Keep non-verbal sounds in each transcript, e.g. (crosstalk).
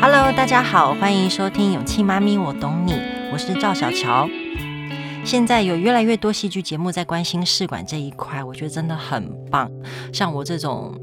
Hello，大家好，歡迎收聽《勇氣媽咪，我懂你》，我是趙小喬。現在有越來越多戲劇節目在關心試管這一塊，我覺得真的很棒。像我這種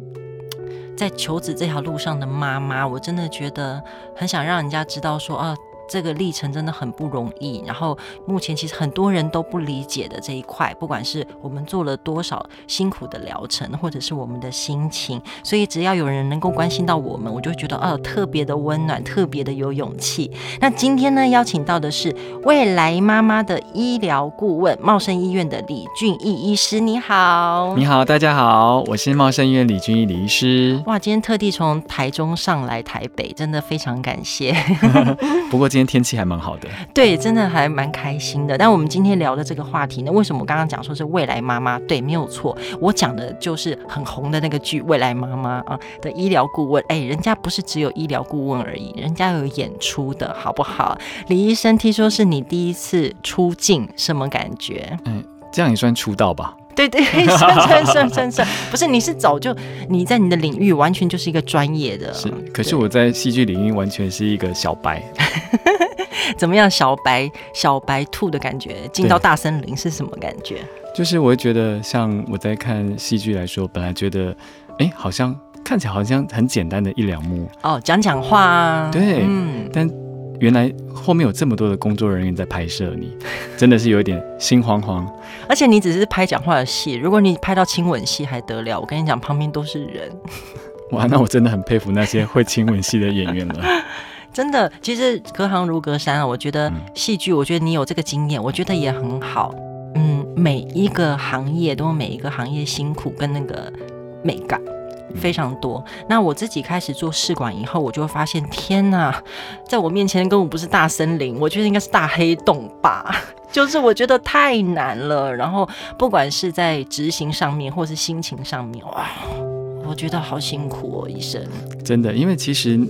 在求子這條路上的媽媽，我真的覺得很想讓人家知道說啊。這個歷程真的很不容易，然後目前其實很多人都不理解的這一塊，不管是我們做了多少辛苦的療程，或者是我們的心情，所以只要有人能夠關心到我們，我就覺得啊特別的溫暖，特別的有勇氣。那今天呢，邀請到的是未來媽媽的醫療顧問，茂盛醫院的李俊逸醫師。你好。你好，大家好，我是茂盛醫院李俊逸李醫師。哇，今天特地從台中上來台北，真的非常感謝。 (laughs) 不過。今天天氣還蠻好的，對，真的還蠻開心的。但我們今天聊的這個話題呢，為什麼我剛剛講說是未來媽媽？對，沒有錯，我講的就是很紅的那個劇《未來媽媽》啊的醫療顧問。哎、欸，人家不是只有醫療顧問而已，人家有演出的，好不好？李醫生，聽說是你第一次出鏡，什麼感覺？嗯、欸，這樣也算出道吧。對對，算算算算算，不是，你是早就你在你的領域完全就是一個專業的。是，可是我在戲劇領域完全是一個小白。對 (laughs) 怎麼樣，小白小白兔的感覺？進到大森林是什麼感覺？就是我會覺得，像我在看戲劇來說，我本來覺得，哎、欸，好像看起來好像很簡單的一兩幕哦，講講話啊。對，嗯、但。原來後面有這麼多的工作人員在拍攝你，真的是有一點心慌慌。而且你只是拍講話的戲，如果你拍到親吻戲還得了？我跟你講，旁邊都是人。哇，那我真的很佩服那些會親吻戲的演員了。 (laughs) 真的，其實隔行如隔山啊。我覺得戲劇，我覺得你有這個經驗，我覺得也很好。嗯，每一個行業都有每一個行業辛苦跟那個美感。非常多。那我自己開始做試管以後，我就會發現，天哪，在我面前根本不是大森林，我覺得應該是大黑洞吧。就是我覺得太難了。然後，不管是在執行上面，或是心情上面，哇，我覺得好辛苦哦，醫生。真的，因為其實，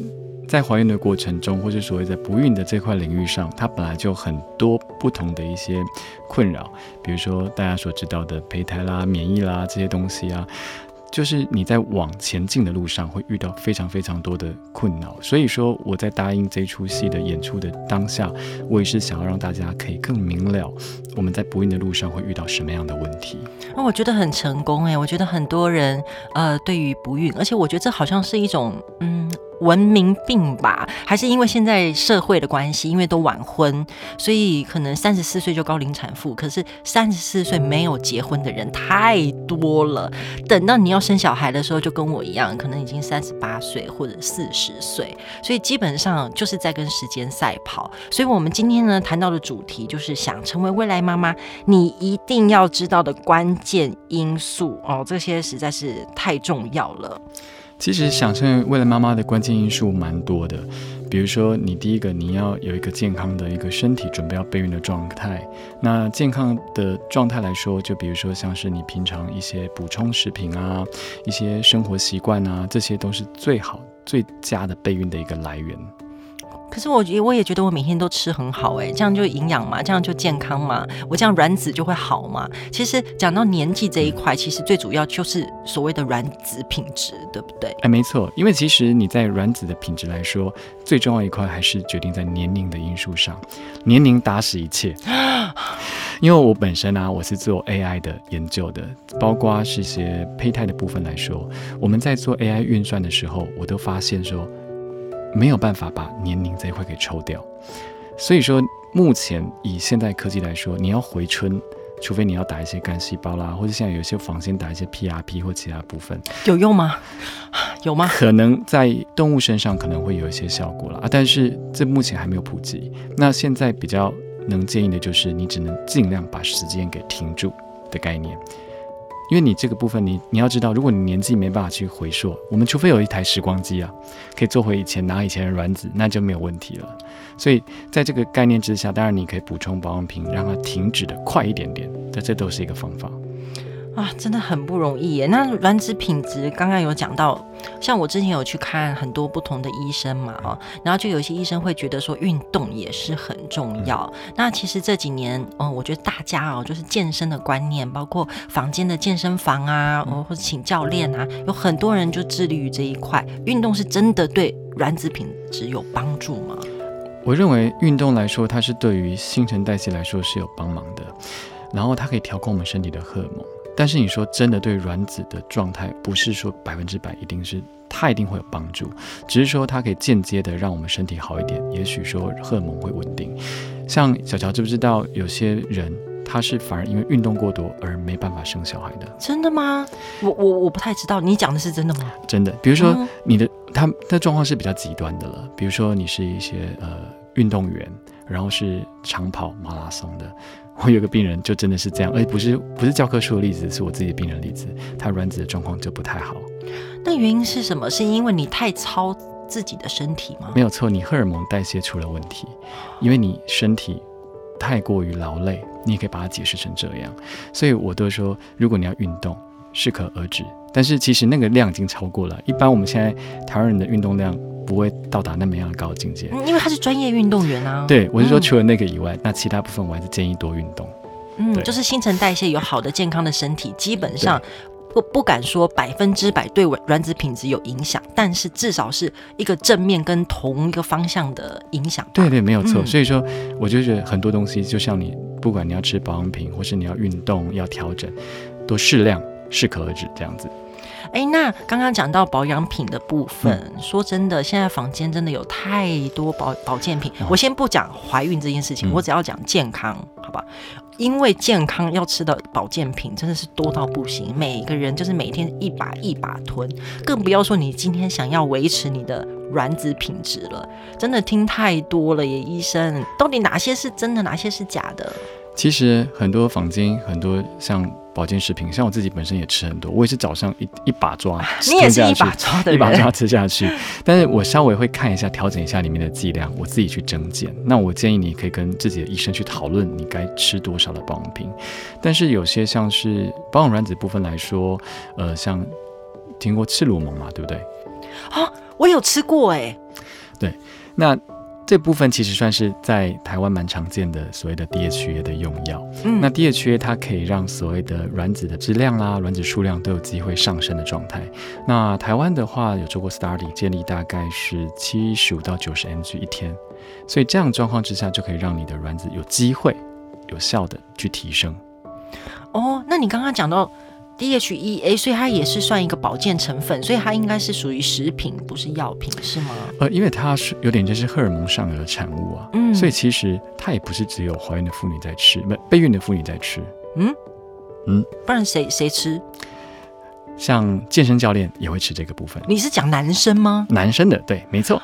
在懷孕的過程中，或者所謂在不孕的這塊領域上，它本來就很多不同的一些困擾，比如說大家所知道的胚胎啦、免疫啦這些東西啊。就是你在往前進的路上會遇到非常非常多的困擾，所以說我在答應這出戲的演出的當下，我也是想要讓大家可以更明了我們在不孕的路上會遇到什麼樣的問題。那我覺得很成功誒、欸，我覺得很多人呃對於不孕，而且我覺得這好像是一種嗯。文明病吧，還是因為現在社會的關係，因為都晚婚，所以可能三十四歲就高齡產婦。可是三十四歲沒有結婚的人太多了，等到你要生小孩的時候，就跟我一樣，可能已經三十八歲或者四十歲。所以基本上就是在跟時間賽跑。所以我們今天呢，談到的主題，就是想成為未來媽媽，你一定要知道的關鍵因素哦，這些實在是太重要了。其實，想成為未來媽媽的關鍵因素蠻多的，比如說，你第一個你要有一個健康的一個身體，準備要備孕的狀態。那健康的狀態來說，就比如說像是你平常一些補充食品啊，一些生活習慣啊，這些都是最好最佳的備孕的一個來源。可是我覺我也覺得我每天都吃很好哎！欸，這樣就營養嘛，這樣就健康嘛，我這樣卵子就會好嘛。其實講到年紀這一塊，嗯，其實最主要就是所謂的卵子品質，對不對？哎，沒錯，因為其實你在卵子的品質來說，最重要一塊還是決定在年齡的因素上，年齡打死一切。 (coughs) 因為我本身啊，我是做 AI 的研究的，包括是些胚胎的部分來說，我們在做 AI 運算的時候，我都發現說。沒有辦法把年齡這一塊給抽掉，所以說目前以現代科技來說，你要回春，除非你要打一些幹細胞啦，或者現在有些坊間打一些 PRP 或其他部分，有用嗎？有嗎？可能在動物身上可能會有一些效果了啊，但是這目前還沒有普及。那現在比較能建議的就是，你只能盡量把時間給停住的概念。因為你這個部分你，你你要知道，如果你年紀沒辦法去回溯，我們除非有一台時光機啊，可以做回以前拿以前的卵子，那就沒有問題了。所以在這個概念之下，當然你可以補充保養品，讓它停止的快一點點，但這都是一個方法啊，真的很不容易耶。那卵子品質剛剛有講到。像我之前有去看很多不同的醫生嘛，啊、嗯，然後就有些醫生會覺得說運動也是很重要。嗯、那其實這幾年，嗯，我覺得大家哦，就是健身的觀念，包括坊間的健身房啊，或者請教練啊，嗯、有很多人就致力於這一塊。運動是真的對卵子品質有幫助嗎？我認為運動來說，它是對於新陳代謝來說是有幫忙的，然後它可以調控我們身體的荷爾蒙。但是你說真的，對卵子的狀態不是說百分之百一定是它一定會有幫助，只是說它可以間接的讓我們身體好一點，也許說荷爾蒙會穩定。像小喬知不知道，有些人他是反而因為運動過多而沒辦法生小孩的？真的嗎？我我我不太知道，你講的是真的嗎？真的，比如說你的、嗯、他的狀況是比較極端的了，比如說你是一些呃運動員，然後是長跑馬拉松的。我有個病人就真的是這樣，而且不是不是教科書的例子，是我自己的病人例子。他卵子的狀況就不太好。那原因是什麼？是因為你太操自己的身體嗎？沒有錯，你荷爾蒙代謝出了問題，因為你身體太過於勞累。你也可以把它解釋成這樣，所以我都說，如果你要運動，適可而止。但是其實那個量已經超過了。一般我們現在台灣人的運動量。不會到達那麼樣的高境界，因為他是專業運動員啊。對，我是說除了那個以外，嗯、那其他部分我還是建議多運動。嗯，對就是新陳代謝有好的健康的身體，基本上不對不敢說百分之百對卵子品質有影響，但是至少是一個正面跟同一個方向的影響。對對，沒有錯。嗯、所以說，我就覺得很多東西，就像你不管你要吃保養品，或是你要運動要調整，都適量適可而止這樣子。哎，那剛剛講到保養品的部分，嗯、說真的，現在坊間真的有太多保保健品。哦、我先不講懷孕這件事情，我只要講健康，嗯、好吧？因為健康要吃的保健品真的是多到不行，每個人就是每天一把一把吞，更不要說你今天想要維持你的卵子品質了，真的聽太多了耶，醫生，到底哪些是真的，哪些是假的？其實很多坊間，很多像。保健食品，像我自己本身也吃很多，我也是早上一一把抓、啊，你也是一把抓的一把抓吃下去。 (laughs) 但是我稍微會看一下，調整一下裡面的劑量，我自己去增減。那我建議你可以跟自己的醫生去討論，你該吃多少的保養品。但是有些像是保養卵子部分來說，呃，像聽過赤鹿酮嘛，對不對？啊、哦，我有吃過哎、欸。對，那。這部分其實算是在台灣蠻常見的，所謂的 DHEA 的用藥。嗯，那 DHEA 它可以讓所謂的卵子的質量啦、啊、卵子數量都有機會上升的狀態。那台灣的話有做過 study，建議大概是七十五到九十 mg 一天，所以這樣狀況之下就可以讓你的卵子有機會有效的去提升。哦，那你剛剛講到，DHEA，所以它也是算一個保健成分，所以它應該是屬於食品，不是藥品，是嗎？呃，因為它是有點就是荷爾蒙上的產物啊，嗯，所以其實它也不是只有懷孕的婦女在吃，沒備孕的婦女在吃，嗯嗯，嗯不然誰誰吃？像健身教練也會吃這個部分。你是講男生嗎？男生的，對，沒錯。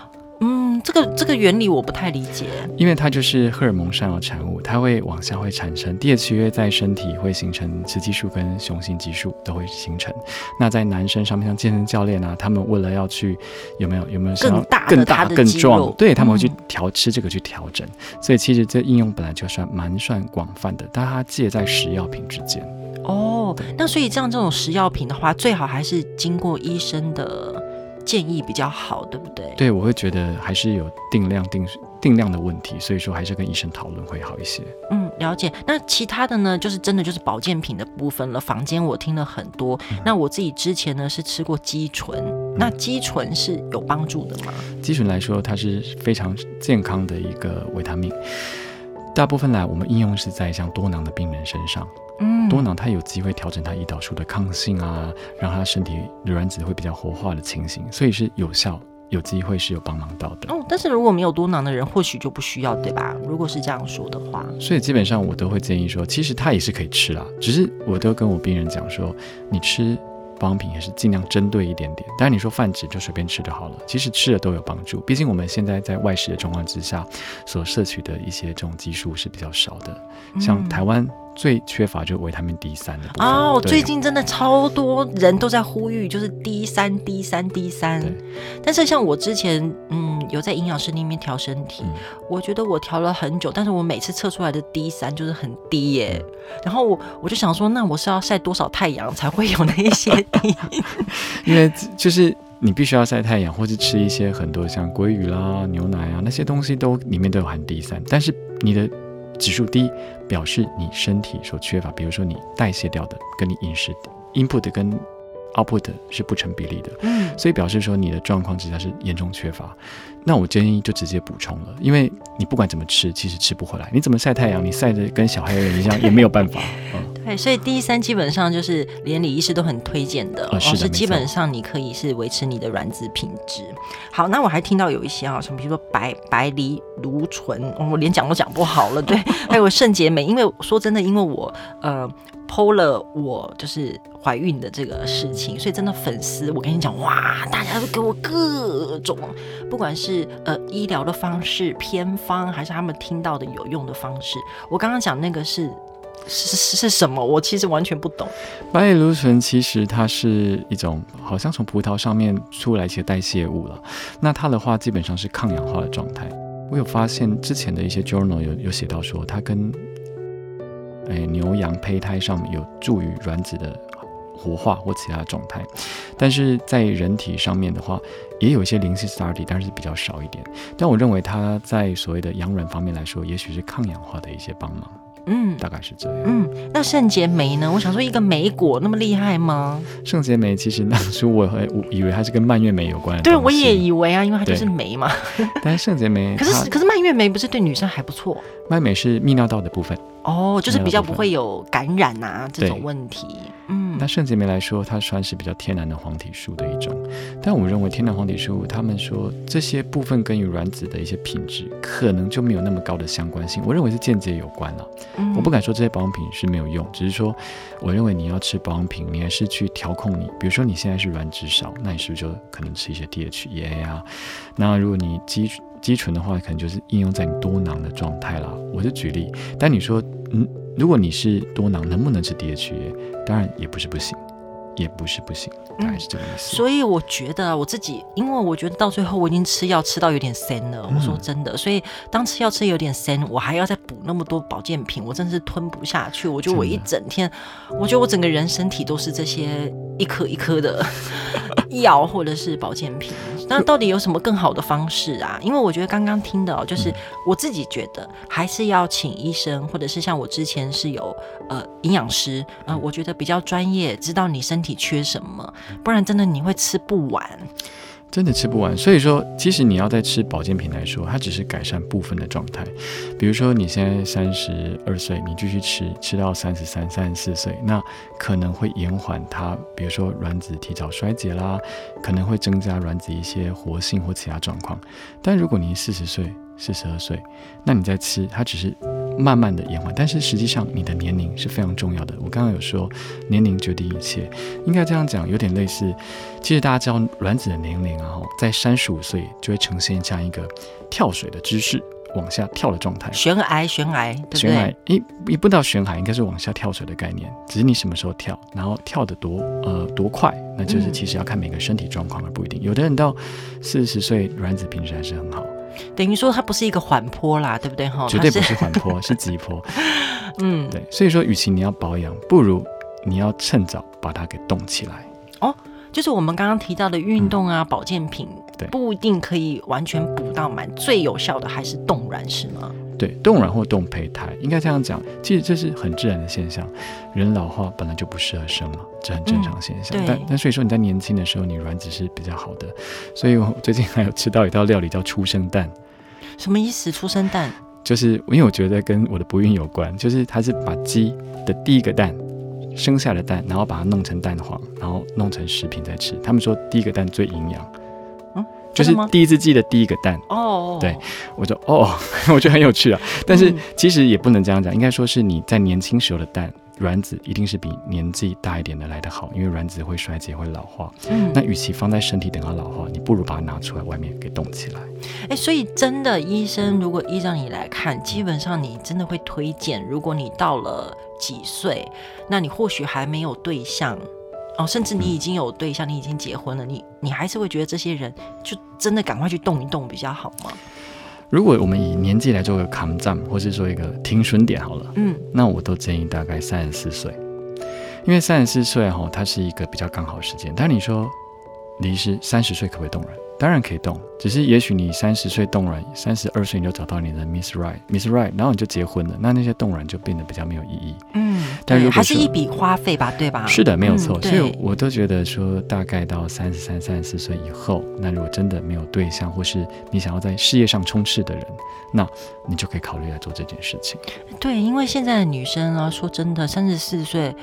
這個這個原理我不太理解，因為它就是荷爾蒙上的產物，它會往下會產生。第二區在身體會形成雌激素跟雄性激素都會形成。那在男生上面，像健身教練啊，他們為了要去有沒有有沒有想更大更大的的肌肉更壯，對他們會去調、嗯、吃這個去調整。所以其實這應用本來就算蠻算廣泛的，但是它介在食藥品之間。哦，那所以像這，這種食藥品的話，最好還是經過醫生的。建議比較好，對不對？對，我會覺得還是有定量定定量的問題，所以說還是跟醫生討論會好一些。嗯，了解。那其他的呢，就是真的就是保健品的部分了。坊間我聽了很多，嗯、那我自己之前呢是吃過肌醇，那肌醇是有幫助的嗎？嗯、肌醇來說，它是非常健康的一個維他命，大部分來我們應用是在像多囊的病人身上。多囊他有機會調整他胰島素的抗性啊，讓他身體的卵子會比較活化的情形，所以是有效，有機會是有幫忙到的。哦，但是如果沒有多囊的人，或許就不需要，對吧？如果是這樣說的話，所以基本上我都會建議說，其實他也是可以吃啦、啊，只是我都跟我病人講說，你吃保養品也是盡量針對一點點。當然你說泛指就隨便吃就好了，其實吃了都有幫助，畢竟我們現在在外食的狀況之下，所攝取的一些這種激素是比較少的，嗯、像台灣，最缺乏就是維他命 D 三了。哦、oh, 對，最近真的超多人都在呼籲，就是 D 三、D 三對、D 三。但是像我之前，嗯，有在營養師那邊調身體，嗯、我覺得我調了很久，但是我每次測出來的 D 三就是很低耶。然後我我就想說，那我是要曬多少太陽才會有那一些 D？ (laughs) (laughs) 因為就是你必須要曬太陽，或是吃一些很多像鮭魚啦、牛奶啊那些東西都，都裡面都有含 D 三，但是你的。指數低，表示你身體所缺乏，比如說你代謝掉的，跟你飲食的 input 跟 output 是不成比例的，所以表示說你的狀況之下是嚴重缺乏，那我建議就直接補充了，因為你不管怎麼吃，其實吃不回來，你怎麼晒太陽，你晒得跟小黑人一樣，也沒有辦法， (laughs) 嗯。對，所以第一三基本上就是連李醫師都很推薦的，是基本上你可以是維持你的卵子品質。嗯、好，那我還聽到有一些啊、哦，什麼比如說白白藜、蘆醇、哦，我連講都講不好了，對。 (laughs) 還有聖潔美，因為說真的，因為我呃 po 了我就是懷孕的這個事情，所以真的粉絲，我跟你講哇，大家都給我各種，不管是呃醫療的方式、偏方，還是他們聽到的有用的方式，我剛剛講那個是。是是是什麼？我其實完全不懂。白藜蘆醇其實它是一種好像從葡萄上面出來一些代謝物了。那它的話基本上是抗氧化的狀態。我有發現之前的一些 journal 有有寫到說它跟、哎、牛羊胚胎上面有助於卵子的活化或其他的狀態。但是在人體上面的話，也有一些零星 study，但是比較少一點。但我認為它在所謂的養卵方面來說，也許是抗氧化的一些幫忙。嗯，大概是這樣。嗯，那聖潔莓呢？我想說，一個莓果那麼厲害嗎？聖潔莓其實當初我還以為它是跟蔓越莓有關。對，我也以為啊，因為它就是莓嘛。但是聖潔莓，可是可是蔓越莓不是對女生還不錯？蔓越莓是泌尿道的部分。哦，就是比較不會有感染吶、啊、這種問題。對嗯，那聖潔莓來說，它算是比較天然的黃體素的一種，但我認為天然黃體素，他們說這些部分跟於卵子的一些品質，可能就沒有那麼高的相關性。我認為是間接有關了、啊。嗯、我不敢說這些保養品是沒有用，只是說我認為你要吃保養品，你還是去調控你。比如說你現在是卵子少，那你是不是就可能吃一些 DHEA 啊？那如果你基礎肌醇的話，可能就是應用在你多囊的狀態啦。我就舉例，但你說，嗯，如果你是多囊，能不能吃 DHA？當然也不是不行，也不是不行，大概是這個意思、嗯。所以我覺得我自己，因為我覺得到最後我已經吃藥吃到有點酸了。嗯、我說真的，所以當吃藥吃有點酸，我還要再補那麼多保健品，我真的是吞不下去。我覺得我一整天，的我覺得我整個人身體都是這些一顆一顆的。嗯 (laughs) 藥或者是保健品，那到底有什麼更好的方式啊？因為我覺得剛剛聽的，就是我自己覺得還是要請醫生，或者是像我之前是有呃營養師，呃，我覺得比較專業，知道你身體缺什麼，不然真的你會吃不完。真的吃不完，所以說，其實你要在吃保健品來說，它只是改善部分的狀態。比如說，你現在三十二歲，你繼續吃，吃到三十三、三十四歲，那可能會延緩它，比如說卵子提早衰竭啦，可能會增加卵子一些活性或其他狀況。但如果你四十歲、四十二歲，那你再吃，它只是。慢慢的延緩，但是實際上你的年齡是非常重要的。我剛剛有說，年齡決定一切，應該這樣講，有點類似。其實大家知道卵子的年齡，啊，然後在三十五歲就會呈現這樣一個跳水的姿勢，往下跳的狀態。懸崖，懸崖，對不對？懸崖。也也不到懸崖，應該是往下跳水的概念。只是你什麼時候跳，然後跳得多呃多快，那就是其實要看每個身體狀況而不一定。嗯、有的人到四十歲，卵子品質還是很好。等於說它不是一個緩坡啦，對不對哈？絕對不是緩坡， (laughs) 是急坡。嗯，對。所以說，與其你要保養，不如你要趁早把它給凍起來。哦，就是我們剛剛提到的運動啊，嗯、保健品，不一定可以完全補到滿，對最有效的還是凍卵，是嗎？對，凍卵或凍胚胎應該這樣講，其實這是很自然的現象。人老化本來就不適合生了，這很正常現象。嗯、但但所以說你在年輕的時候，你卵子是比較好的。所以我最近還有吃到一道料理叫初生蛋，什麼意思？初生蛋就是因為我覺得跟我的不孕有關，就是它是把雞的第一個蛋生下的蛋，然後把它弄成蛋黃，然後弄成食品再吃。他們說第一個蛋最營養。就是第一次記得第一個蛋哦，oh. 對，我就哦，oh, (laughs) 我覺得很有趣啊。但是其實也不能這樣講，應該說是你在年輕時候的蛋卵子一定是比年紀大一點的來得好，因為卵子會衰竭會老化。嗯，那與其放在身體等它老化，你不如把它拿出來外面給凍起來。哎、欸，所以真的醫生如果依照你來看，嗯、基本上你真的會推薦，如果你到了幾歲，那你或許還沒有對象。哦、甚至你已經有對象，嗯、你已經結婚了，你你還是會覺得這些人就真的趕快去凍一凍比較好嗎？如果我們以年紀來做一個抗戰，或是做一個停損點好了，嗯，那我都建議大概三十四歲，因為三十四歲哈、哦，它是一個比較剛好的時間。但你說，你是三十歲可不可以凍卵？當然可以凍，只是也許你三十歲凍卵，三十二歲你就找到你的 Miss Right，Miss Right，然後你就結婚了，那那些凍卵就變得比較沒有意義。嗯，但是還是一筆花費吧，對吧？是的，沒有錯。嗯、所以我都覺得說，大概到三十三、三十四歲以後，那如果真的沒有對象，或是你想要在事業上衝刺的人，那你就可以考慮來做這件事情。對，因為現在的女生啊，說真的，三十四歲。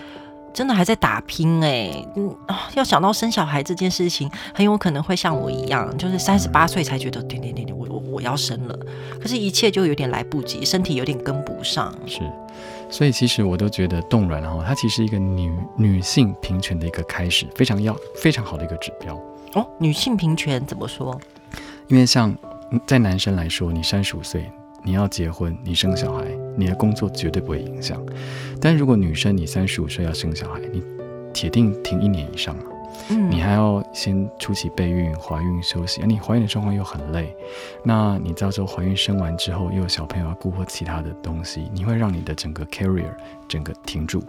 真的還在打拼哎，嗯啊，要想到生小孩這件事情，很有可能會像我一樣，就是三十八歲才覺得，對對對對，我我我要生了，可是，一切就有點來不及，身體有點跟不上。是，所以其實我都覺得凍卵、哦，然後它其實一個女女性平權的一個開始，非常要非常好的一個指標哦。女性平權怎麼說？因為像在男生來說，你三十五歲，你要結婚，你生小孩。嗯你的工作絕對不會影響，但如果女生你三十五歲要生小孩，你鐵定停一年以上了、啊。嗯，你還要先初期備孕、懷孕、休息，而、啊、你懷孕的狀況又很累，那你到時候懷孕生完之後，又有小朋友要顧或其他的東西，你會讓你的整個 career 整個停住。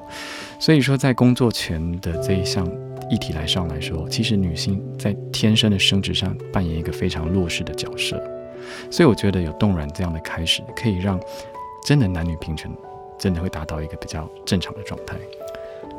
所以說，在工作前的這一項議題來上來說，其實女性在天生的生殖上扮演一個非常弱勢的角色。所以我覺得有凍卵這樣的開始，可以讓。真的男女平權，真的會達到一個比較正常的狀態。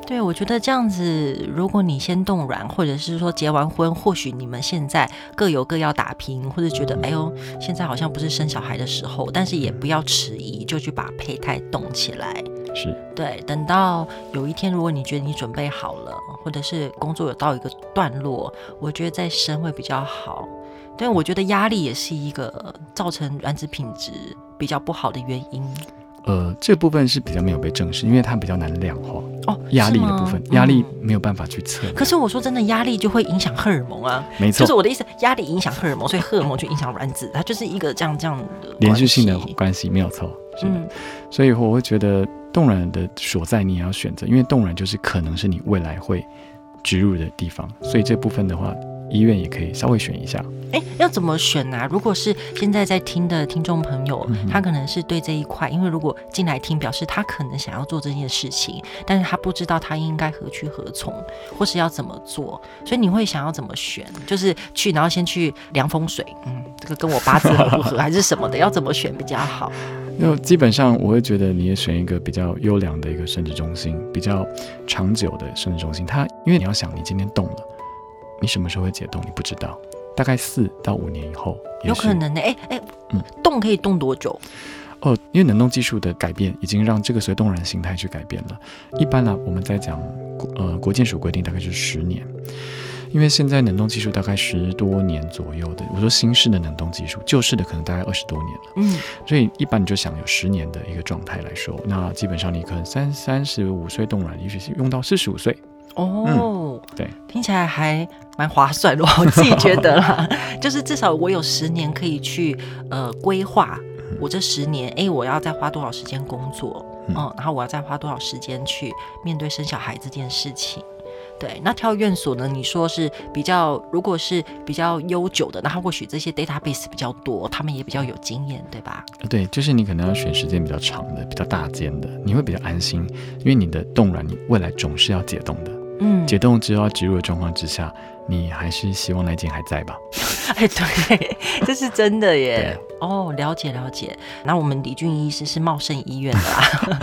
對，我覺得這樣子，如果你先凍卵，或者是說結完婚，或許你們現在各有各要打拼，或者覺得、嗯、哎呦，現在好像不是生小孩的時候，但是也不要遲疑，就去把胚胎凍起來。是，對，等到有一天，如果你覺得你準備好了，或者是工作有到一個段落，我覺得再生會比較好。對，我覺得壓力也是一個造成卵子品質，比較不好的原因，呃，這部分是比較沒有被證實，因為它比較難量化哦。壓力的部分，嗯、壓力沒有辦法去測。可是我說真的，壓力就會影響荷爾蒙啊，嗯、沒錯。就是我的意思，壓力影響荷爾蒙，所以荷爾蒙就影響卵子，它就是一個這樣這樣、呃、連續性的關係，嗯、沒有錯，是的。嗯、所以我會覺得凍卵的所在，你也要選擇，因為凍卵就是可能是你未來會植入的地方，所以這部分的話。醫院也可以稍微選一下，哎、欸，要怎麼選呢？啊，如果是現在在聽的聽眾朋友，嗯、哼他可能是對這一塊，因為如果進來聽，表示他可能想要做這件事情，但是他不知道他應該何去何從，或是要怎麼做。所以你會想要怎麼選？就是去，然後先去量風水，嗯，這個跟我八字不合，還是什麼的， (laughs) 要怎麼選比較好？那基本上，我會覺得你也選一個比較優良的一個生殖中心，比較長久的生殖中心。它，因為你要想，你今天動了。你什麼時候會解凍？你不知道，大概四到五年以後，有可能的。哎哎，嗯，凍可以凍多久、嗯？哦，因為冷凍技術的改變，已經讓這個隨凍卵形態去改變了。一般呢、啊，我們在講，呃，國健署規定大概就是十年，因為現在冷凍技術大概十多年左右的。我說新式的冷凍技術，舊式的可能大概二十多年了。嗯，所以一般你就想有十年的一個狀態來說，那基本上你可能三三十五歲凍卵，也許用到四十五歲。哦、oh, 嗯，對，聽起來還蠻划算的，我自己覺得啦， (laughs) 就是至少我有十年可以去呃規劃我這十年，哎、嗯，我要再花多少時間工作，嗯，嗯，然後我要再花多少時間去面對生小孩這件事情，對，那挑院所呢？你說是比較如果是比較悠久的，然後或許這些 database 比較多，他們也比較有經驗，對吧？對，就是你可能要選時間比較長的，嗯、比較大間的，你會比較安心，因為你的凍卵你未來總是要解凍的。嗯，解凍之後要植入的狀況之下，你還是希望那間還在吧？ (laughs) 哎，對，這是真的耶。哦 (laughs) 對，oh, 了解了解。那我們李俊醫師是茂盛醫院的，啊，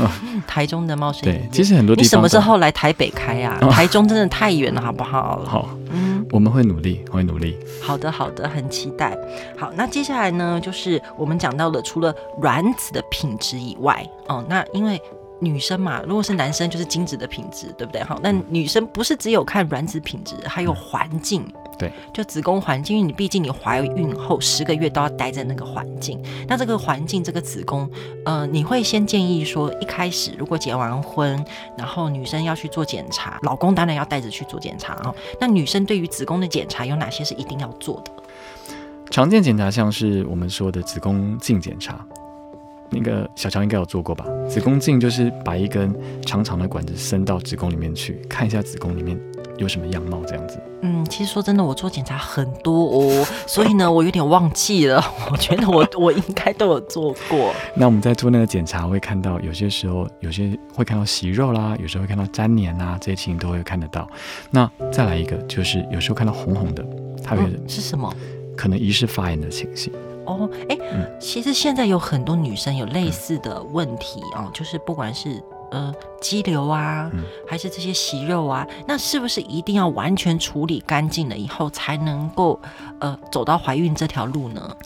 (laughs) oh. 台中的茂盛醫院。其實很多地方。你什麼時候來台北開啊？Oh. 台中真的太遠了，好不好？好，oh. 嗯，嗯，我們會努力，會努力。好的，好的，很期待。好，那接下來呢，就是我們講到了除了卵子的品質以外，哦，那因為。女生嘛，如果是男生就是精子的品質，對不對？哈、嗯，那女生不是只有看卵子品質，還有環境、嗯。對，就子宮環境，因為你畢竟你懷孕後十個月都要待在那個環境。嗯、那這個環境，這個子宮，嗯、呃，你會先建議說，一開始如果結完婚，然後女生要去做檢查，老公當然要帶着去做檢查。那女生對於子宮的檢查有哪些是一定要做的？常見檢查像是我們說的子宮鏡檢查。那個小喬應該有做過吧？子宮鏡就是把一根長長的管子伸到子宮裡面去看一下子宮裡面有什麼樣貌，這樣子。嗯，其實說真的，我做檢查很多，哦。 (laughs) 所以呢，我有點忘記了。我覺得我我應該都有做過。 (laughs) 那我們在做那個檢查，會看到有些時候有些會看到息肉啦，有時候會看到粘連啊，這些情形都會看得到。那再來一個就是有時候看到紅紅的，它會、嗯、是什麼？可能疑似發炎的情形。哦，哎，其實現在有很多女生有類似的問題，嗯，哦，就是不管是呃肌瘤啊，嗯，還是這些息肉啊，那是不是一定要完全處理乾淨了以後才能夠呃走到懷孕這條路呢？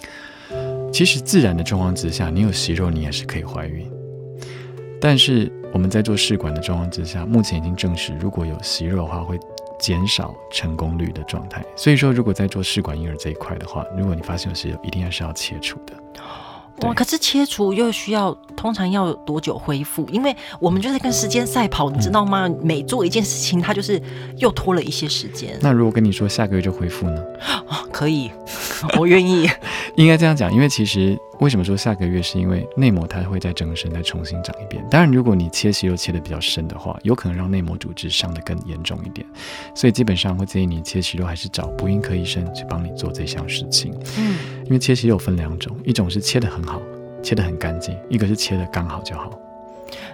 其實自然的狀況之下，你有息肉你也是可以懷孕，但是我們在做試管的狀況之下，目前已經證實，如果有息肉的話會。減少成功率的狀態，所以說，如果在做試管嬰兒這一塊的話，如果你發現有息肉，一定還是要切除的。哇，可是切除又需要。通常要多久恢復？因為我們就在跟時間賽跑，你知道嗎？嗯、每做一件事情，它就是又拖了一些時間。那如果跟你說下個月就恢復呢？哦、可以， (laughs) 我願意。應該這樣講，因為其實為什麼說下個月？是因為內膜它會再增生，再重新長一遍。當然，如果你切息肉切的比較深的話，有可能讓內膜組織傷得更嚴重一點。所以基本上會建議你切息肉還是找不孕科醫生去幫你做這項事情。嗯，因為切息肉分兩種，一種是切得很好。切得很乾淨，一個是切得剛好就好，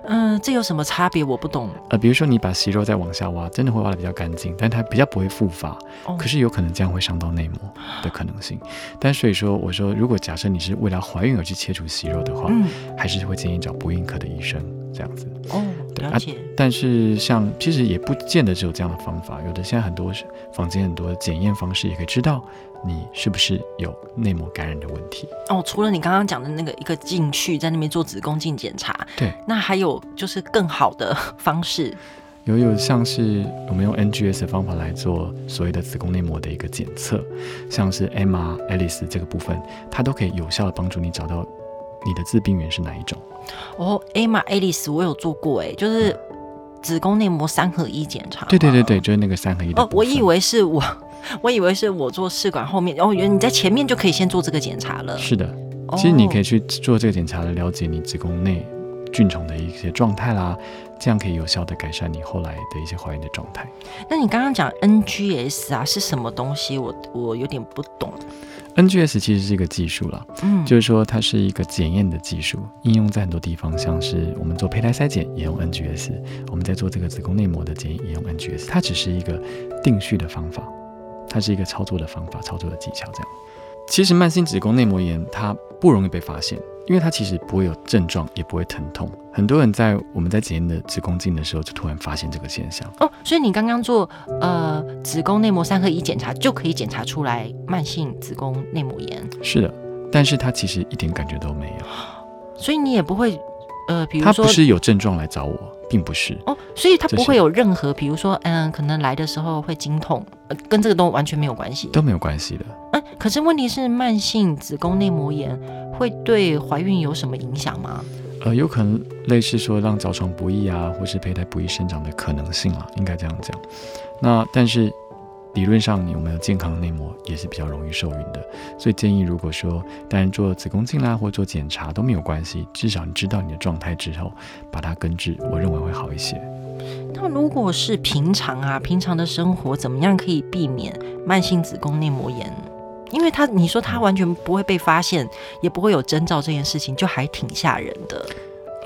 嗯，這有什麼差別？我不懂。呃，比如說你把息肉再往下挖，真的會挖得比較乾淨，但它比較不會復發，哦、可是有可能這樣會傷到內膜的可能性。啊、但所以說，我說如果假設你是為了懷孕而去切除息肉的話，嗯，還是會建議找不孕科的醫生這樣子。哦，而且、呃、但是像其實也不見得只有這樣的方法，有的現在很多坊間很多檢驗方式也可以知道。你是不是有內膜感染的問題？哦，除了你剛剛講的那個一個進去在那邊做子宮鏡檢查，對，那還有就是更好的方式，有有像是我們用 NGS 的方法來做所謂的子宮內膜的一個檢測，像是 Emma Alice 這個部分，它都可以有效的幫助你找到你的致病源是哪一種。哦、oh,，Emma Alice 我有做過哎、欸，就是子宮內膜三合一檢查、嗯。對對對對，就是那個三合一的。哦，我以為是我。我以為是我做試管後面，然後我覺得你在前面就可以先做這個檢查了。是的，其實你可以去做這個檢查來了解你子宮內菌叢的一些狀態啦，這樣可以有效的改善你後來的一些懷孕的狀態。那你剛剛講 NGS 啊，是什麼東西？我我有點不懂。NGS 其實是一個技術啦，嗯，就是說它是一個檢驗的技術，應用在很多地方，像是我們做胚胎篩檢也用 NGS，我們在做這個子宮內膜的檢驗也用 NGS，它只是一個定序的方法。它是一個操作的方法，操作的技巧。這樣，其實慢性子宮內膜炎它不容易被發現，因為它其實不會有症狀，也不會疼痛。很多人在我們在檢驗的子宮鏡的時候，就突然發現這個現象。哦，所以你剛剛做呃，子宮內膜三合一檢查，就可以檢查出來慢性子宮內膜炎。是的，但是它其實一點感覺都沒有，所以你也不會呃，比如說它不是有症狀來找我。並不是哦，所以它不會有任何，是比如說，嗯，可能來的時候會經痛、呃，跟這個都完全沒有關係，都沒有關係的。嗯，可是問題是，慢性子宮內膜炎會對懷孕有什麼影響嗎？呃，有可能類似說讓著床不易啊，或是胚胎不易生長的可能性啊，應該這樣講。那但是。理論上，你有沒有健康的內膜，也是比較容易受孕的。所以建議，如果說，當然做子宮鏡啦，或者做檢查都沒有關係，至少你知道你的狀態之後，把它根治，我認為會好一些。那如果是平常啊，平常的生活怎麼樣可以避免慢性子宮內膜炎？因為它，你說它完全不會被發現，也不會有徵兆，這件事情就還挺嚇人的。嗯。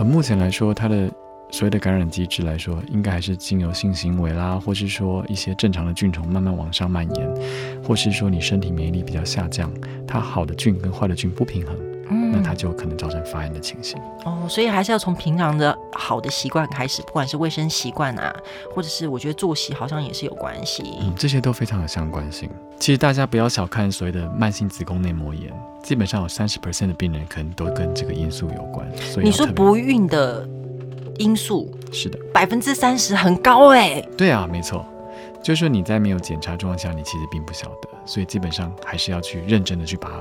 而目前來說，它的。所謂的感染機制來說，應該還是經由性行為啦，或是說一些正常的菌種慢慢往上蔓延，或是說你身體免疫力比較下降，它好的菌跟壞的菌不平衡，嗯，那它就可能造成發炎的情形。哦，所以還是要從平常的好的習慣開始，不管是衛生習慣啊，或者是我覺得作息好像也是有關係。嗯，這些都非常有相關性。其實大家不要小看所謂的慢性子宮內膜炎，基本上有三十 percent 的病人可能都跟這個因素有關。所以你說不孕的。因素是的，百分之三十很高哎、欸。對啊，沒錯，就是說你在沒有檢查狀況下，你其實並不曉得，所以基本上還是要去認真的去把它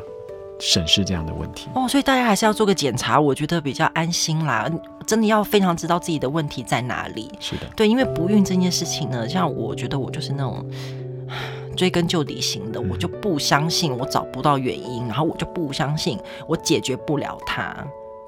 審視這樣的問題。哦，所以大家還是要做個檢查，我覺得比較安心啦。真的要非常知道自己的問題在哪裡。是的，對，因為不孕這件事情呢，像我覺得我就是那種追根究底型的，嗯、我就不相信我找不到原因，然後我就不相信我解決不了它。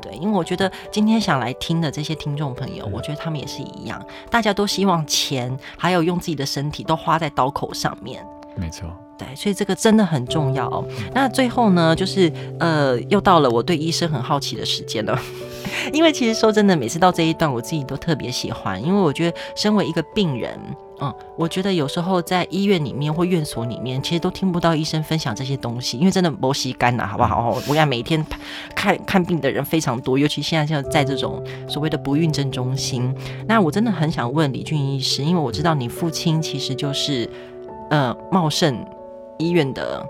對，因為我覺得今天想來聽的這些聽眾朋友，嗯，我覺得他們也是一樣，大家都希望錢還有用自己的身體都花在刀口上面。沒錯，對，所以這個真的很重要哦。那最後呢，就是呃，又到了我對醫生很好奇的時間了， (laughs) 因為其實說真的，每次到這一段，我自己都特別喜歡，因為我覺得身為一個病人。嗯，我覺得有時候在醫院裡面或院所裡面，其實都聽不到醫生分享這些東西，因為真的沒時間了，好不好？我要每天看看病的人非常多，尤其現在像在這種所謂的不孕症中心，那我真的很想問李俊醫師，因為我知道你父親其實就是呃茂盛醫院的。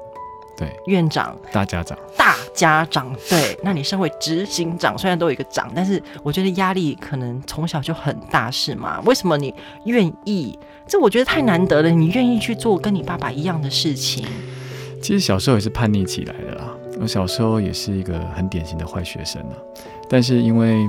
對，院長，大家長，大家長。對，那你身為執行長，雖然都有一個“長”，但是我覺得壓力可能從小就很大，是嗎？為什麼你願意？這我覺得太難得了，你願意去做跟你爸爸一樣的事情。其實小時候也是叛逆起來的啦，我小時候也是一個很典型的壞學生啊。但是因為，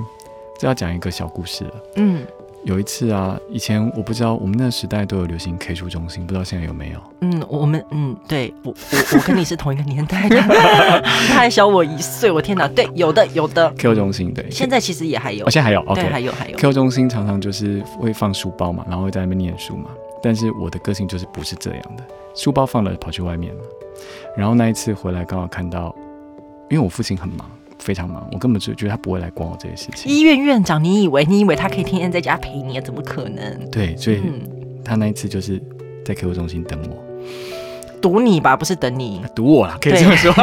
這要講一個小故事，嗯。有一次啊，以前我不知道我們那時代都有流行 K 書中心，不知道現在有沒有？嗯，我們嗯，對，我我我跟你是同一個年代的， (laughs) 他還小我一歲，我天哪！對，有的有的 K 中心對，現在其實也還有，我、哦、現在還有對，k OK, 還有還有 K 中心常常就是會放書包嘛，然後會在那邊念書嘛。但是我的個性就是不是這樣的，書包放了跑去外面嘛。然後那一次回來剛好看到，因為我父親很忙。非常忙，我根本就覺得他不會來管我這些事情。醫院院長，你以為你以為他可以天天在家陪你啊？嗯、怎麼可能？對，所以、嗯、他那一次就是在客戶中心等我，堵你吧，不是等你，堵、啊、我啊，可以這麼說，堵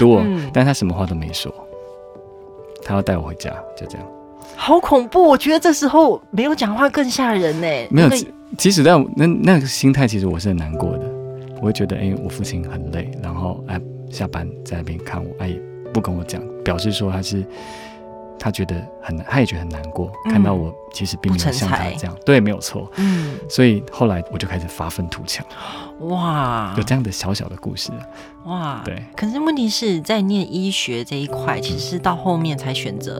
對 (laughs) 我。嗯、但他什麼話都沒說，他要帶我回家，就這樣。好恐怖！我覺得這時候沒有講話更嚇人呢、欸。沒有，那個、其實那那那個心態，其實我是很難過的。我會覺得，哎、欸，我父親很累，然後哎、欸、下班在那邊看我，哎、欸。不跟我講，表示說他是他覺得很，他也覺得很難過。嗯、看到我其實並沒有像他這樣，對，沒有錯。嗯，所以後來我就開始發奮圖強。哇，有這樣的小小的故事，哇，對。可是問題是在念醫學這一塊，嗯、其實到後面才選擇，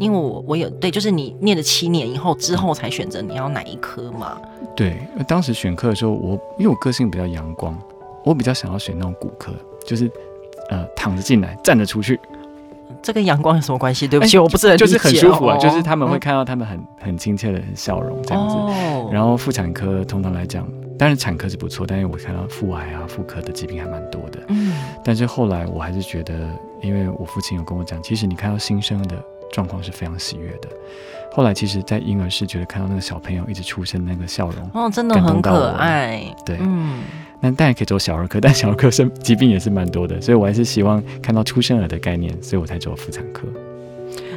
因為我我有對，就是你念了七年以後，之後才選擇你要哪一科嘛？嗯、對，當時選課的時候，我因為我個性比較陽光，我比較想要選那種骨科，就是。呃，躺着進來，站着出去，這跟陽光有什麼關係？對不起，哎、我不是很、哦、就是很舒服啊，哦、就是他們會看到他們很很親切的很笑容這樣子。哦、然後婦產科通常來講，當然產科是不錯，但是我看到婦癌啊、婦科的疾病還蠻多的。嗯，但是後來我還是覺得，因為我父親有跟我講，其實你看到新生的狀況是非常喜悅的。後來其實，在嬰兒室覺得看到那個小朋友一直出生的那個笑容，哦，真的很可愛。對，嗯。但當然可以走小兒科，但小兒科生疾病也是蠻多的，所以我還是希望看到出生兒的概念，所以我才走婦產科。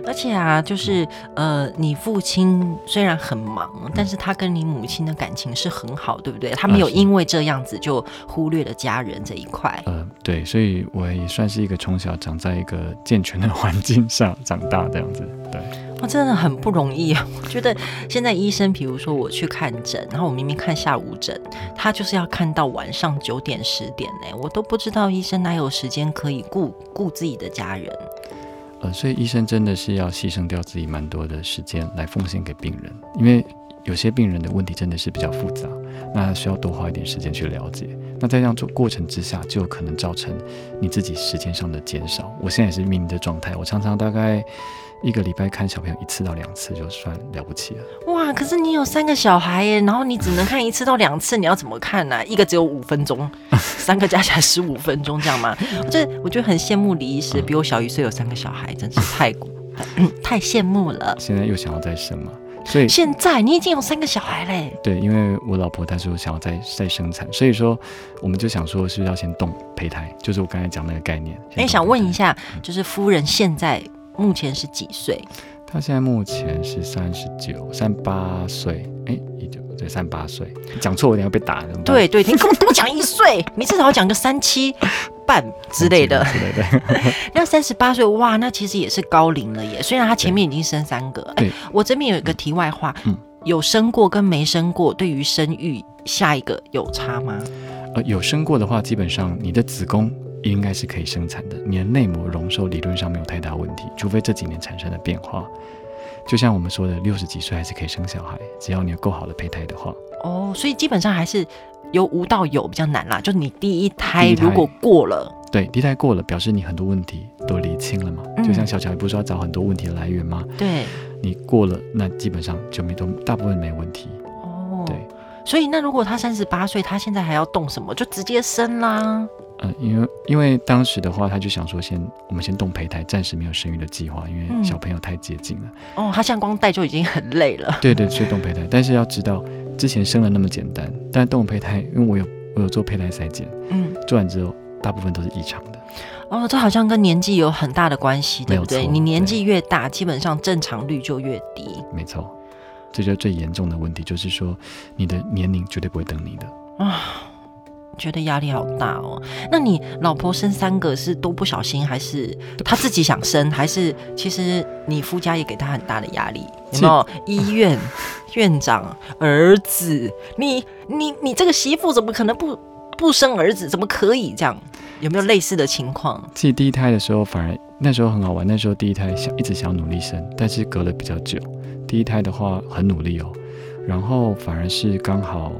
而且啊，就是、嗯、呃，你父親雖然很忙，但是他跟你母親的感情是很好，對不對？他沒有因為這樣子就忽略了家人這一塊。嗯、呃，對，所以我也算是一個從小長在一個健全的環境上長大這樣子。對。哇、哦，真的很不容易啊。我覺得現在醫生，比如說我去看診，然後我明明看下午診，他就是要看到晚上九點十點嘞、欸，我都不知道醫生哪有時間可以顧顧自己的家人。呃，所以醫生真的是要犧牲掉自己蠻多的時間來奉獻給病人，因為有些病人的問題真的是比較複雜，那需要多花一點時間去了解。那在這樣做過程之下，就有可能造成你自己時間上的減少。我現在也是明明的狀態，我常常大概。一個禮拜看小朋友一次到兩次就算了不起了哇！可是你有三個小孩耶，然後你只能看一次到兩次， (laughs) 你要怎麼看呢，啊？一個只有五分鐘， (laughs) 三個加起來十五分鐘這樣嗎？我 (laughs) 就是，我覺得很羨慕李醫師，嗯、比我小一歲，有三個小孩，真是太、 (laughs) 嗯、太羨慕了。現在又想要再生嗎？所以現在你已經有三個小孩嘞？對，因為我老婆她說想要再再生產，所以說我們就想說是要先凍胚胎，就是我剛才講那個概念。哎，想問一下，嗯、就是夫人現在。目前是幾歲？他現在目前是三十九三八歲，哎、欸，一九對，三八歲，講錯我一定要被打，對對，你給我多講一歲， (laughs) 你至少要講個三七半之類的，對對 (laughs) 那三十八歲哇，那其實也是高齡了耶。雖然他前面已經生三個，哎，我這邊有一個題外話，嗯、有生過跟沒生過，對於生育下一個有差嗎？呃，有生過的話，基本上你的子宮。應該是可以生產的，你的內膜容受理論上沒有太大問題，除非這幾年產生的變化。就像我們說的，六十幾歲還是可以生小孩，只要你有夠好的胚胎的話。哦，所以基本上還是由無到有比較難啦。就你第一胎如果過了，對，第一胎，胎過了表示你很多問題都理清了嘛。嗯，就像小喬不是說要找很多問題的來源嗎？對，你過了，那基本上就沒多，大部分沒問題。哦，對，所以那如果他三十八歲，他現在還要動什麼？就直接生啦。嗯，因為因為當時的話，他就想說先，先我們先動胚胎，暫時沒有生育的計劃，因為小朋友太接近了。嗯、哦，他現在光帶就已經很累了。對對，去動胚胎，但是要知道，之前生了那麼簡單，但動胚胎，因為我有我有做胚胎篩檢，嗯，做完之後大部分都是異常的。哦，這好像跟年紀有很大的關係，對不對？你年紀越大，對基本上正常率就越低。沒錯，這就是最嚴重的問題，就是說你的年齡絕對不會等你的啊。哦覺得壓力好大哦，那你老婆生三個是都不小心，還是她自己想生，還是其實你夫家也給她很大的壓力？有沒有是醫院、嗯、院長兒子？你你你，你這個媳婦怎麼可能不不生兒子？怎麼可以這樣？有沒有類似的情況？自己第一胎的時候反而那時候很好玩，那時候第一胎想一直想努力生，但是隔了比較久，第一胎的話很努力哦，然後反而是剛好。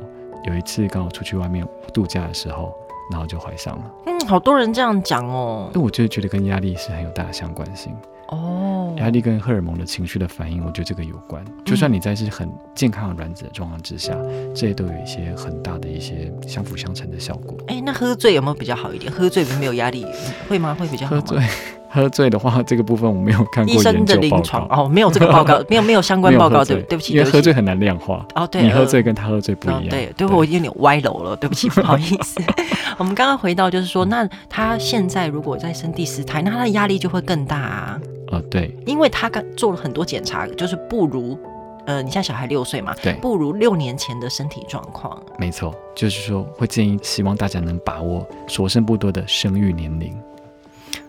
有一次剛好出去外面度假的時候，然後就懷上了。嗯，好多人這樣講哦。那我就是覺得跟壓力是很有大的相關性哦。壓力跟荷爾蒙的情緒的反應，我覺得這個有關。就算你在是很健康的卵子的狀況之下，嗯、這些都有一些很大的一些相輔相成的效果。哎，那喝醉有沒有比較好一點？喝醉不是沒有壓力？會嗎？會比較好嗎？喝醉喝醉的話，這個部分我沒有看過研究。醫生的臨床哦，沒有這個報告，沒有沒有相關報告，對 (laughs) 對不起。因為喝醉很難量化。哦對，你喝醉跟他喝醉不一樣。呃、對，對，對我有點歪樓了，對不起， (laughs) 不好意思。 (laughs) 我們剛剛回到就是說，那他現在如果再生第四胎，那他的壓力就會更大啊。呃對，因為他剛做了很多檢查，就是不如呃，你現在小孩六歲嘛，對，不如六年前的身體狀況。沒錯，就是說會建議希望大家能把握所剩不多的生育年齡。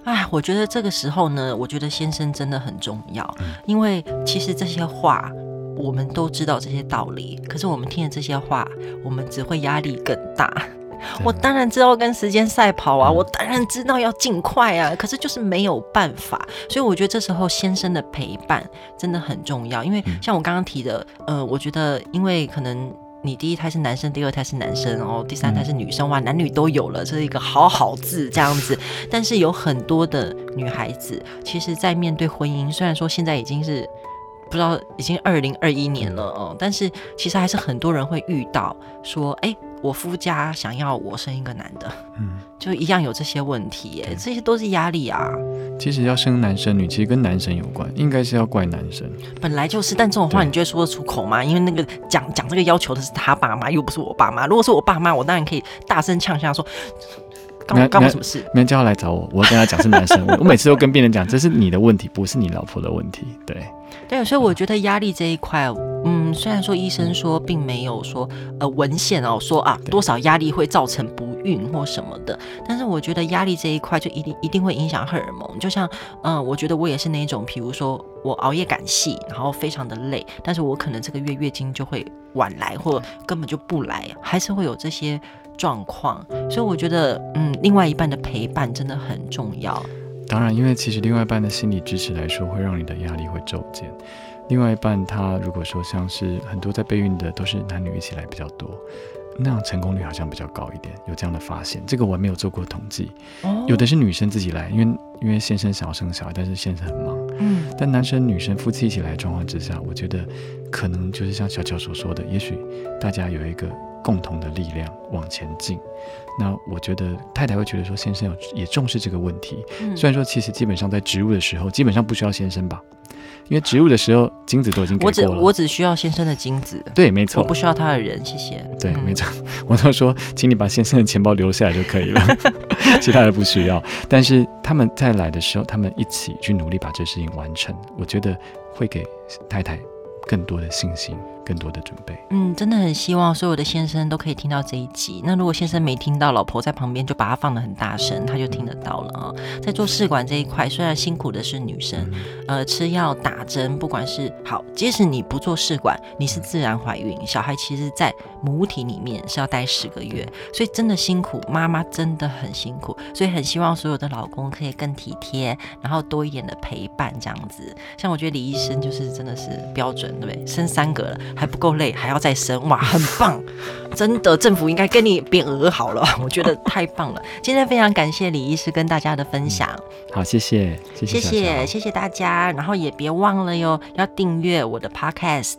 唉，我覺得這個時候呢，我覺得先生真的很重要，因為其實這些話我們都知道這些道理，可是我們聽了這些話，我們只會壓力更大。我當然知道跟時間賽跑啊，我當然知道要盡快啊，可是就是沒有辦法，所以我覺得這時候先生的陪伴真的很重要，因為像我剛剛提的，呃，我覺得因為可能。你第一胎是男生，第二胎是男生，然後、哦、第三胎是女生，哇，男女都有了，這是一個好好字這樣子。但是有很多的女孩子，其實，在面對婚姻，雖然說現在已經是，不知道，已經二零二一年了哦，但是其實還是很多人會遇到說，哎、欸。我夫家想要我生一個男的，嗯，就一樣有這些問題、欸，對這些都是壓力啊。其實要生男生女，其實跟男生有關，應該是要怪男生。本來就是，但這種話你覺得說得出口嗎？對因為那個講講這個要求的是他爸媽，又不是我爸媽。如果是我爸媽，我當然可以大聲嗆下說：“幹嘛了什麼事？”明天叫他來找我，我要跟他講是男生。我 (laughs) 我每次都跟病人講，這是你的問題，不是你老婆的問題。對。對，所以我覺得壓力這一塊，嗯，雖然說醫生說並沒有說，呃，文獻哦說啊多少壓力會造成不孕或什麼的，但是我覺得壓力這一塊就一定一定會影響荷爾蒙，就像，嗯、呃，我覺得我也是那種，比如說我熬夜趕戲，然後非常的累，但是我可能這個月月經就會晚來或根本就不來，還是會有這些狀況，所以我覺得，嗯，另外一半的陪伴真的很重要。當然，因為其實另外一半的心理支持來說，會讓你的壓力會驟減。另外一半，他如果說像是很多在備孕的都是男女一起來比較多，那樣成功率好像比較高一點。有這樣的發現，這個我還沒有做過統計。哦。有的是女生自己來，因為因為先生想要生小孩，但是先生很忙。嗯。但男生女生夫妻一起來的狀況之下，我覺得可能就是像小喬所說的，也許大家有一個。共同的力量往前進，那我覺得太太會覺得說先生也重視這個問題。嗯、雖然說其實基本上在植入的時候，基本上不需要先生吧，因為植入的時候精子都已經給了我只我只需要先生的精子，對，沒錯，我不需要他的人，謝謝。對，嗯、沒錯，我都說，請你把先生的錢包留下來就可以了， (laughs) (laughs) 其他的不需要。但是他們再來的時候，他們一起去努力把這事情完成，我覺得會給太太更多的信心。更多的準備，嗯，真的很希望所有的先生都可以聽到這一集。那如果先生沒聽到，老婆在旁邊就把它放得很大聲，他就聽得到了啊、喔。在做試管這一塊，雖然辛苦的是女生，嗯、呃，吃藥打針，不管是好，即使你不做試管，你是自然懷孕，小孩其實，在母體裡面是要待十個月，所以真的辛苦，媽媽真的很辛苦，所以很希望所有的老公可以更體貼，然後多一點的陪伴，這樣子。像我覺得李醫生就是真的是標準，對不對？生三個了。還不夠累，還要再生哇，很棒！真的，政府應該跟你變鵝好了， (laughs) 我覺得太棒了。今天非常感謝李醫師跟大家的分享，嗯、好，謝謝，謝謝，小小謝謝，謝謝大家。然後也別忘了喲，要訂閱我的 Podcast《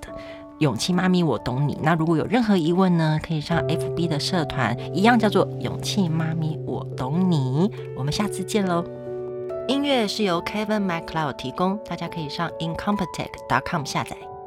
勇氣媽咪我懂你》。那如果有任何疑問呢，可以上 FB 的社團，一樣叫做《勇氣媽咪我懂你》。我們下次見嘍。音樂是由 Kevin MacLeod 提供，大家可以上 Incompetech.com 下載。